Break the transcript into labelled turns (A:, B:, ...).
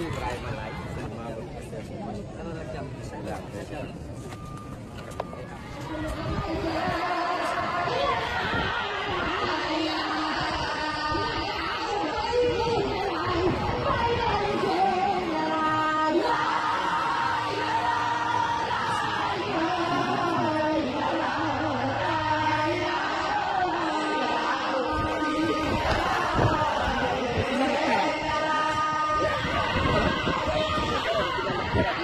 A: ini Brian Malai sama Adam Sandler. Yeah.